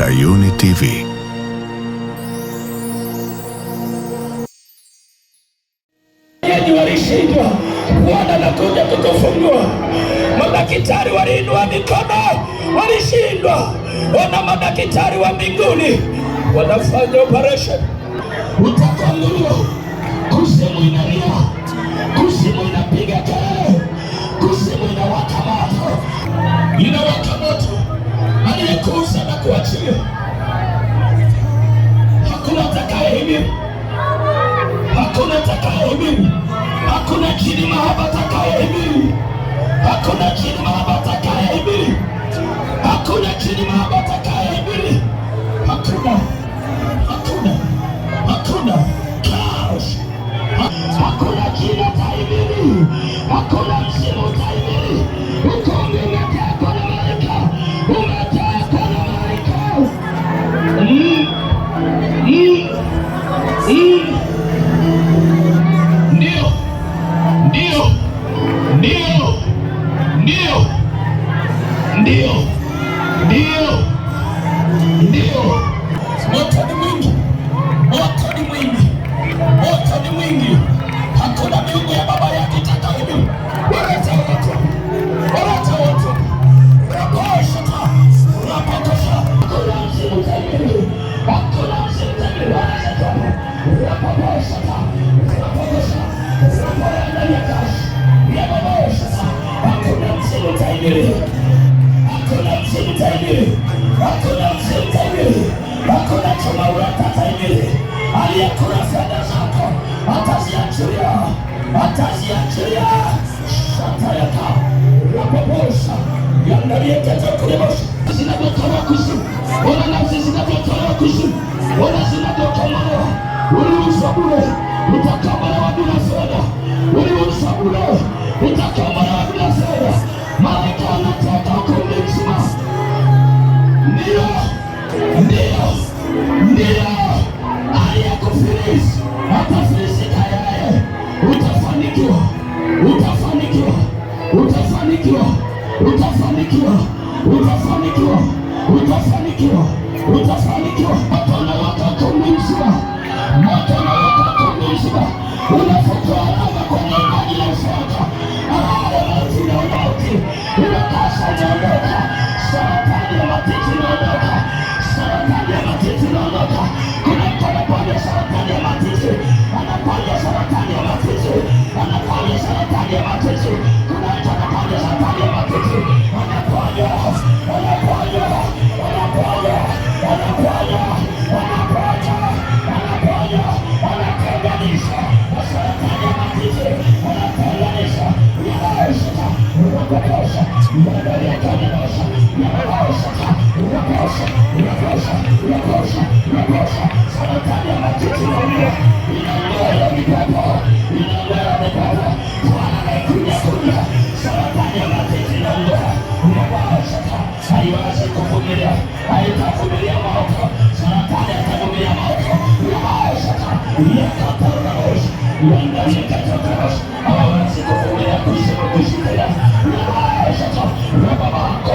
Sayuni TV. Walishindwa, Bwana nakuja kukufungua. Madaktari waliinua mikono, walishindwa. Wana madaktari wa mbinguni wanafanya operation, utakanguliwa. Kuzimu inalia, kuzimu inapiga kelele, kuzimu inawakamata, inawakamata mahaba atakayeamini, hakuna jina mahaba yeye, hakuna mzita yeye, hakuna chuma uratata yeye, aliyakula fedha zako ataziachilia, ataziachilia. Shatayaka napobosha yandalietetekulibosha zinavyotolewa kuzimu, ona nafsi zinavyotolewa kuzimu, ona zinavyotolewa uliuzwa bure Bye.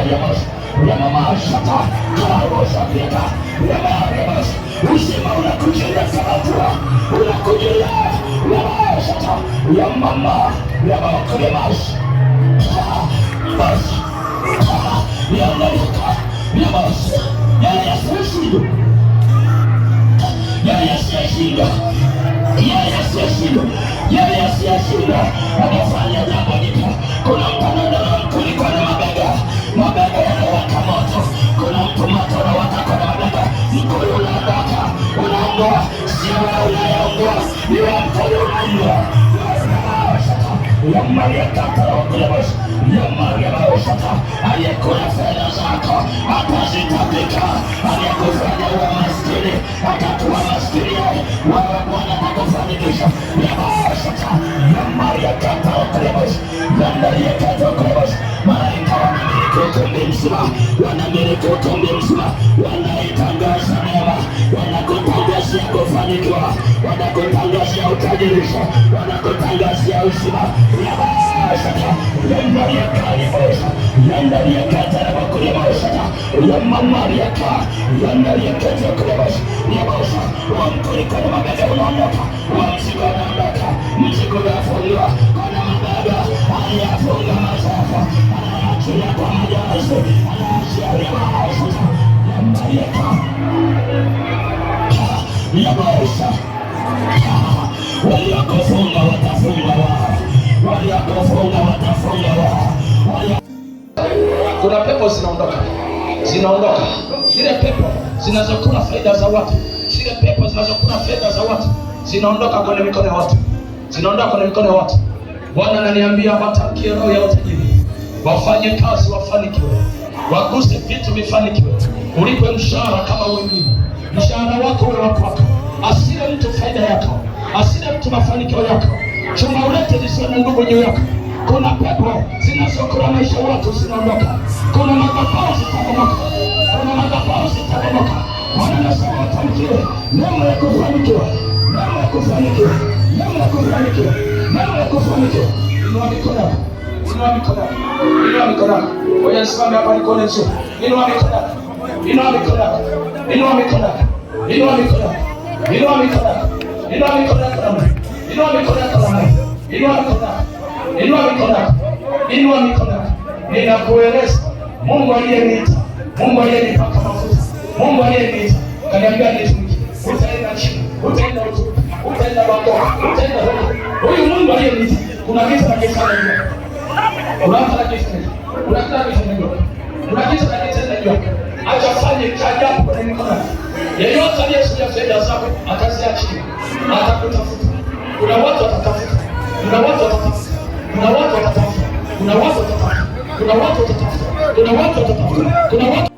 yamaashata karosapika yamaremas uzima unakujelia kamatua unakujelia yamaashata yamama yamakulemas mas yamalika yamas yayaseshindo yayaseshindo yayaseshindo yayaseshindo amefanya jambo jipya kuna ya Maria Kataroglebash, ya Maria Baroshata, aliyekula fedha zako atazitapika, aliyekufanya uwe maskini atakuwa maskini wewe Bwana atakufanikisha. Ya kombe mzima, wanamiliki kombe mzima, wanaitangaza neema, wanakutangazia kufanikiwa, wanakutangazia utajirisho, wanakutangazia uzima. Yabasata yandariyakalimosha yandariyakatarabakulimosha yamamariyaka yandariyakatakulimosha yabosha wamkulikana mabega unaondoka wamzigo unaondoka mzigo unafungiwa kana mabega aliyafunga masafa kuna pepo zinaondoka, zinaondoka zile pepo zinazokula faida za watu, zile pepo zinazokula faida za watu zinaondoka kwenye mikono ya watu, zinaondoka kwenye mikono ya watu. Bwana ananiambia watamkie roho ya utajiri wafanye kazi wafanikiwe, waguse vitu vifanikiwe, ulipe mshahara kama wengine. Mshahara wako uwe wa kwako, asile mtu faida yako, asile mtu mafanikio yako. Chuma ulete zisiwe na nguvu juu yako. Kuna pepo zinazokula maisha watu zinaondoka. Kuna madhabahu zitabomoka, kuna madhabahu zitabomoka. Bwana nasema watamkie neema ya kufanikiwa, neema ya kufanikiwa, neema ya kufanikiwa, neema ya kufanikiwa. Inua mikono yako Inua mikono yako. Inua mikono yako. Ngoja simame hapa nikuone vizuri. Inua mikono yako. Inua mikono yako. Inua mikono yako. Inua mikono yako. Inua mikono yako. Inua mikono yako. Inua mikono yako. Inua mikono yako. Inua mikono yako. Inua mikono yako. Ninakueleza Mungu aliyeniita, Mungu aliyenipaka mafuta, Mungu aliyeniita, kaniambia nitumikie. Utaenda chini, utaenda juu, utaenda bako, utaenda huko. Huyu Mungu aliyeniita, kuna kitu anakifanya. Atafanye kajabu Yeyote aliyesikia faida zako atazia chini, atakutafuta. Kuna watu watatafuta, kuna watu watatafuta, kuna watu watatafuta, kuna watu watatafuta, kuna watu watatafuta, kuna watu watatafuta, kuna watu.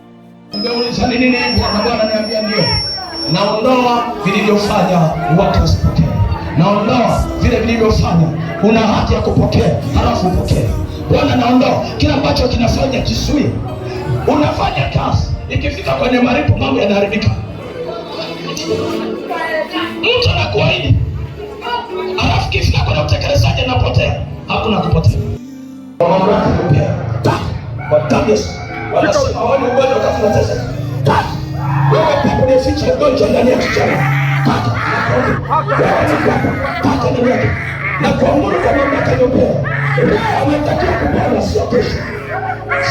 Ungeuliza nini nini? Na Bwana niambia ndio, naondoa vilivyofanya watu wasipokee, naondoa vile vilivyofanya una haki ya kupokea, halafu upokee. Bwana, naondoa kila ambacho kinafanya kisui. Unafanya kazi, ikifika kwenye malipo mambo yanaharibika. Mtu anakuahidi, halafu kifika kwenye utekelezaji anapotea. Hakuna kupotea na kuamuru kama atakavyopewa. Anatakiwa kupanda, sio kesho,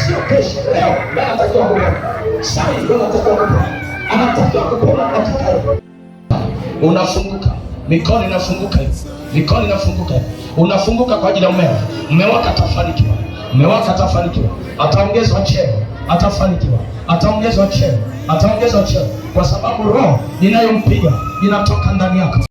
sio kesho. Leo anatakiwa kupanda, sasa ndio anatakiwa kupanda, anatakiwa kupona katika unafunguka mikono inafunguka hivi, mikono inafunguka hivi, unafunguka kwa ajili ya mmeo. Mmeo atafanikiwa, mmeo atafanikiwa, ataongezwa cheo, atafanikiwa, ataongezwa cheo, ataongezwa cheo, kwa sababu roho inayompiga inatoka ndani yako.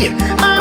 நீர்